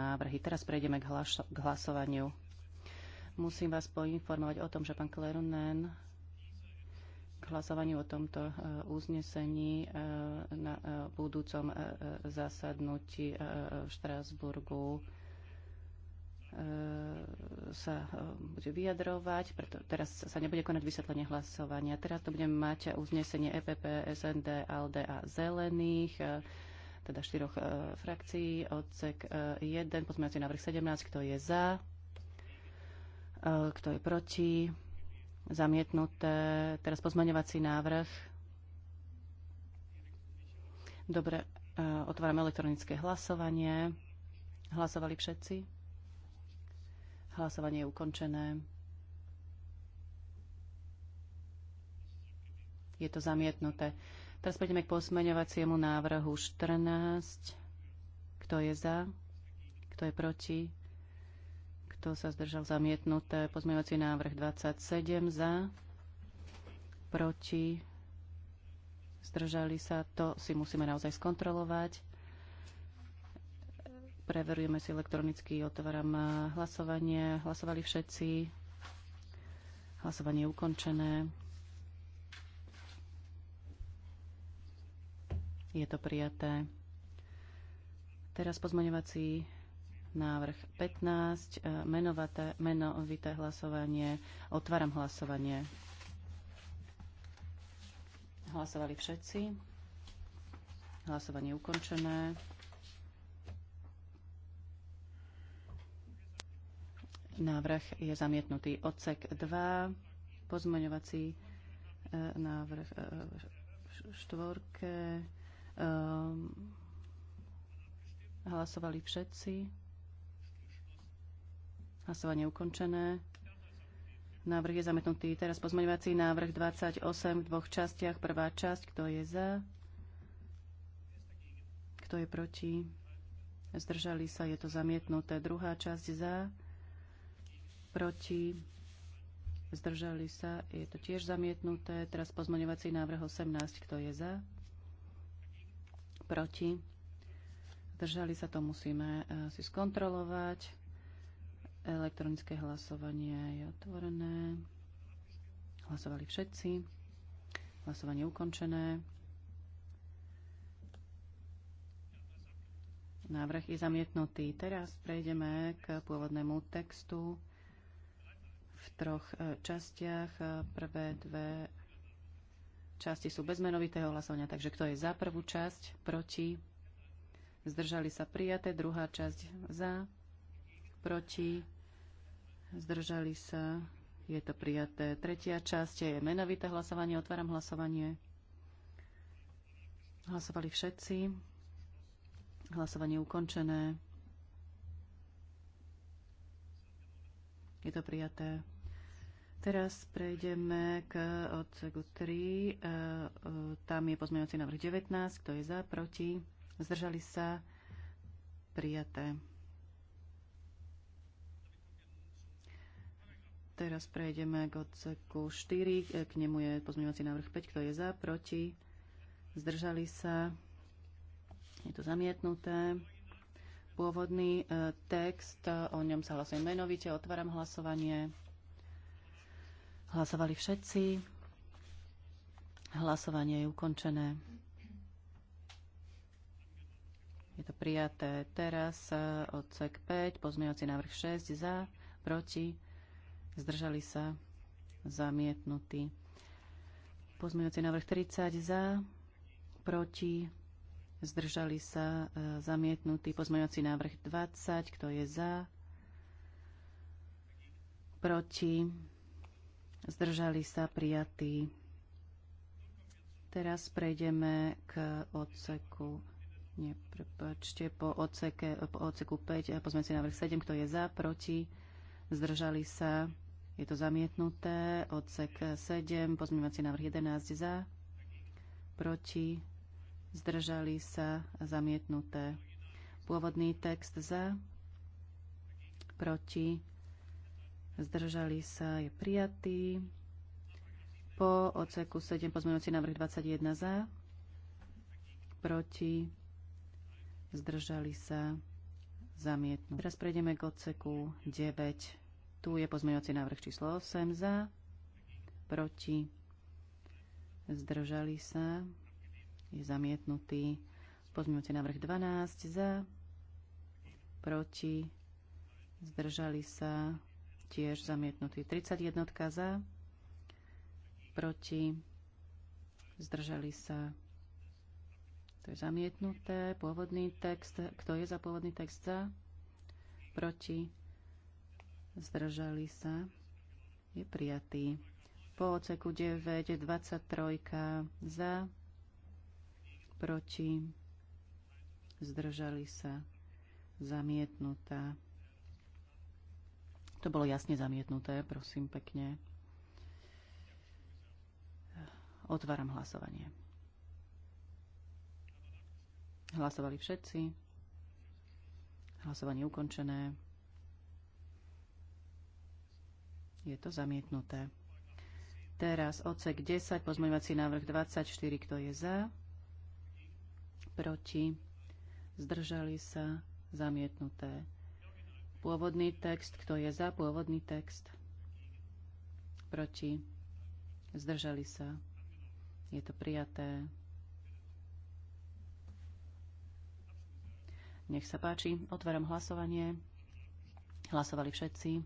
návrhy. Teraz prejdeme k, hlas- k hlasovaniu. Musím vás poinformovať o tom, že pán Klerunen k hlasovaniu o tomto e, uznesení e, na e, budúcom zasadnutí v Štrásburgu sa bude vyjadrovať, preto teraz sa nebude konať vysvetlenie hlasovania. Teraz to budeme mať uznesenie EPP, SND, ALDE a Zelených teda štyroch e, frakcií. Odsek e, 1, pozmeňovací návrh 17, kto je za, e, kto je proti, zamietnuté. Teraz pozmeňovací návrh. Dobre, e, otvárame elektronické hlasovanie. Hlasovali všetci? Hlasovanie je ukončené. Je to zamietnuté. Teraz prejdeme k pozmeňovaciemu návrhu 14. Kto je za? Kto je proti? Kto sa zdržal zamietnuté? Pozmeňovací návrh 27 za, proti, zdržali sa. To si musíme naozaj skontrolovať. Preverujeme si elektronicky, otváram hlasovanie. Hlasovali všetci. Hlasovanie je ukončené. Je to prijaté. Teraz pozmaňovací návrh 15, e, menovaté, menovité hlasovanie. Otváram hlasovanie. Hlasovali všetci. Hlasovanie ukončené. Návrh je zamietnutý. Odsek 2, pozmaňovací e, návrh e, štvorke Ehm, hlasovali všetci. Hlasovanie ukončené. Návrh je zametnutý. Teraz pozmeňovací návrh 28 v dvoch častiach. Prvá časť, kto je za, kto je proti, zdržali sa, je to zamietnuté. Druhá časť za, proti, zdržali sa, je to tiež zamietnuté. Teraz pozmeňovací návrh 18, kto je za, proti. Držali sa to, musíme e, si skontrolovať. Elektronické hlasovanie je otvorené. Hlasovali všetci. Hlasovanie ukončené. Návrh je zamietnutý. Teraz prejdeme k pôvodnému textu v troch e, častiach. E, prvé dve časti sú bez menovitého hlasovania, takže kto je za prvú časť, proti, zdržali sa prijaté, druhá časť za, proti, zdržali sa, je to prijaté. Tretia časť je menovité hlasovanie, otváram hlasovanie. Hlasovali všetci. Hlasovanie ukončené. Je to prijaté. Teraz prejdeme k odseku 3. E, e, tam je pozmeňovací návrh 19. Kto je za? Proti? Zdržali sa? Prijaté. Teraz prejdeme k odseku 4. E, k nemu je pozmeňovací návrh 5. Kto je za? Proti? Zdržali sa? Je to zamietnuté. Pôvodný text, o ňom sa hlasuje menovite. Otváram hlasovanie. Hlasovali všetci. Hlasovanie je ukončené. Je to prijaté teraz e, odsek 5, pozmeňovací návrh 6 za, proti, zdržali sa, zamietnutý. Pozmeňovací návrh 30 za, proti, zdržali sa, e, zamietnutý. Pozmeňovací návrh 20, kto je za, proti, zdržali sa prijatí. Teraz prejdeme k odseku Neprepačte, po, odseke, po odseku 5 a si návrh 7, kto je za, proti, zdržali sa, je to zamietnuté, odsek 7, pozmeňovací návrh 11 za, proti, zdržali sa, zamietnuté. Pôvodný text za, proti, zdržali sa, je prijatý. Po odseku 7 pozmeňujúci návrh 21 za, proti, zdržali sa, zamietnú. Teraz prejdeme k odseku 9. Tu je pozmeňovací návrh číslo 8 za, proti, zdržali sa, je zamietnutý. Pozmeňovací návrh 12 za, proti, zdržali sa, tiež zamietnutý. 31 za, proti, zdržali sa. To je zamietnuté. Pôvodný text. Kto je za pôvodný text za? Proti. Zdržali sa. Je prijatý. Po oceku 9, 23 za, proti, zdržali sa, zamietnutá. To bolo jasne zamietnuté, prosím pekne. Otváram hlasovanie. Hlasovali všetci. Hlasovanie ukončené. Je to zamietnuté. Teraz odsek 10, pozmeňovací návrh 24, kto je za? Proti? Zdržali sa? Zamietnuté. Pôvodný text. Kto je za pôvodný text? Proti? Zdržali sa? Je to prijaté. Nech sa páči. Otváram hlasovanie. Hlasovali všetci.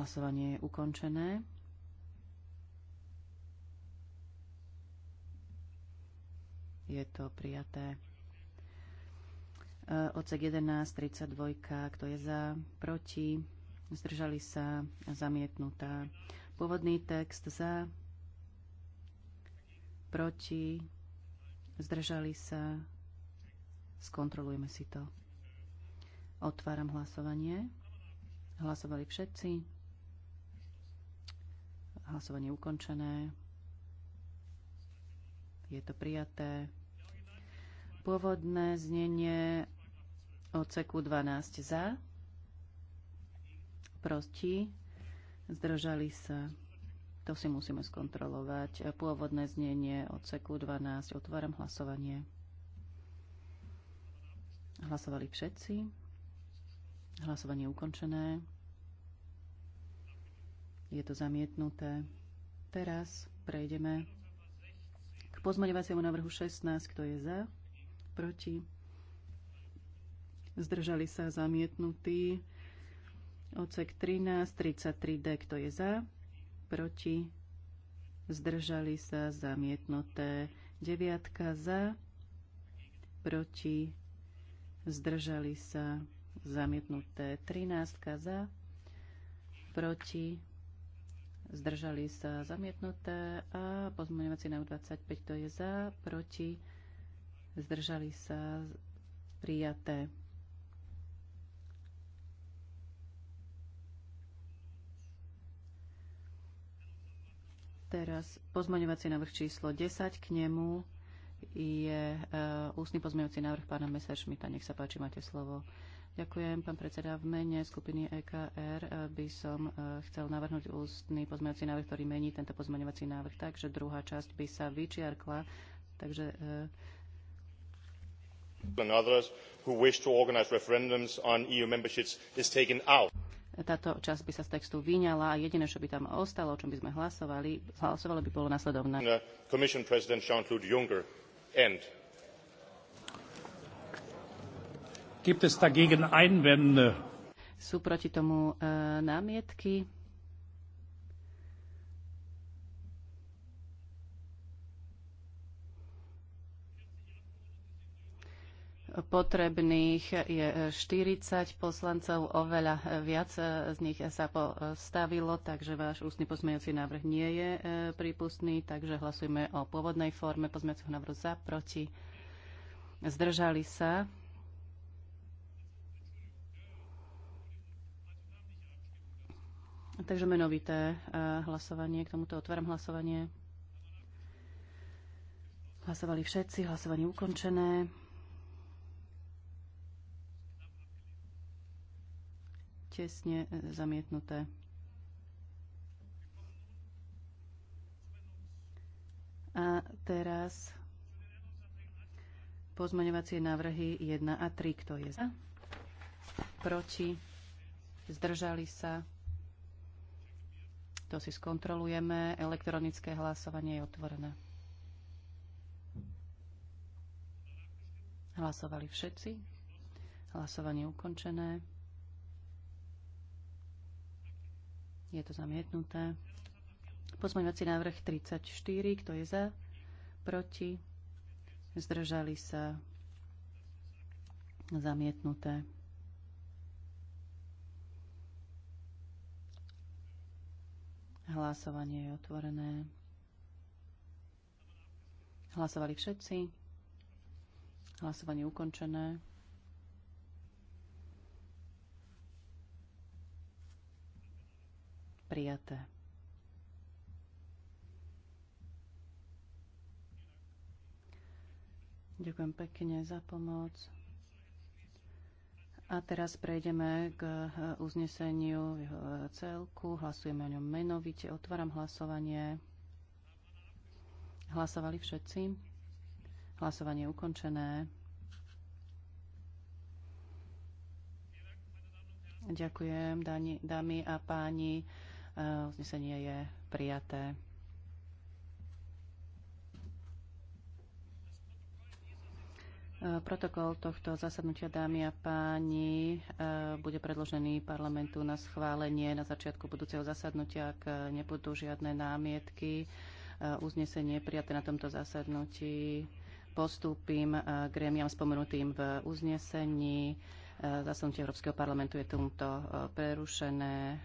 Hlasovanie je ukončené. Je to prijaté. Ocek 11, 32, kto je za, proti, zdržali sa, zamietnutá. Pôvodný text za, proti, zdržali sa, skontrolujeme si to. Otváram hlasovanie. Hlasovali všetci. Hlasovanie ukončené. Je to prijaté. Pôvodné znenie odseku 12 za, proti, zdržali sa. To si musíme skontrolovať. Pôvodné znenie odseku 12. Otváram hlasovanie. Hlasovali všetci. Hlasovanie ukončené. Je to zamietnuté. Teraz prejdeme k pozmaňovaciemu návrhu 16. Kto je za? Proti? zdržali sa zamietnutí. Ocek 13, 33D, kto je za, proti, zdržali sa zamietnuté. Deviatka za, proti, zdržali sa zamietnuté. Trináctka za, proti, zdržali sa zamietnuté a pozmeňovací na 25 to je za, proti, zdržali sa prijaté. Teraz pozmeňovací návrh číslo 10 k nemu je e, ústny pozmeňovací návrh pána Messerschmitta. Nech sa páči, máte slovo. Ďakujem, pán predseda. V mene skupiny EKR e, by som e, chcel navrhnúť ústny pozmeňovací návrh, ktorý mení tento pozmeňovací návrh tak, že druhá časť by sa vyčiarkla. Takže and others who wish to organize referendums on EU memberships is taken out táto časť by sa z textu vyňala a jediné, čo by tam ostalo, o čom by sme hlasovali, hlasovali by bolo nasledovné. Uh, Sú proti tomu uh, námietky? potrebných je 40 poslancov, oveľa viac z nich sa postavilo, takže váš ústny pozmeňujúci návrh nie je e, prípustný, takže hlasujeme o pôvodnej forme pozmeňujúceho návrhu za, proti. Zdržali sa. Takže menovité e, hlasovanie. K tomuto otváram hlasovanie. Hlasovali všetci, hlasovanie ukončené. tesne e, zamietnuté. A teraz pozmaňovacie návrhy 1 a 3. Kto je za? Proti? Zdržali sa? To si skontrolujeme. Elektronické hlasovanie je otvorené. Hlasovali všetci. Hlasovanie ukončené. Je to zamietnuté. Pozmeňovací návrh 34. Kto je za? Proti? Zdržali sa? Zamietnuté. Hlasovanie je otvorené. Hlasovali všetci. Hlasovanie ukončené. prijaté. Ďakujem pekne za pomoc. A teraz prejdeme k uzneseniu jeho celku. Hlasujeme o ňom menovite. Otváram hlasovanie. Hlasovali všetci. Hlasovanie je ukončené. Ďakujem, dámy a páni. Eh, uznesenie je prijaté. Eh, protokol tohto zasadnutia, dámy a páni, eh, bude predložený parlamentu na schválenie na začiatku budúceho zasadnutia, ak nebudú žiadne námietky. Uznesenie prijaté na tomto zasadnutí postúpim gremiam spomenutým v uznesení. Zasadnutie Európskeho parlamentu je tomto prerušené.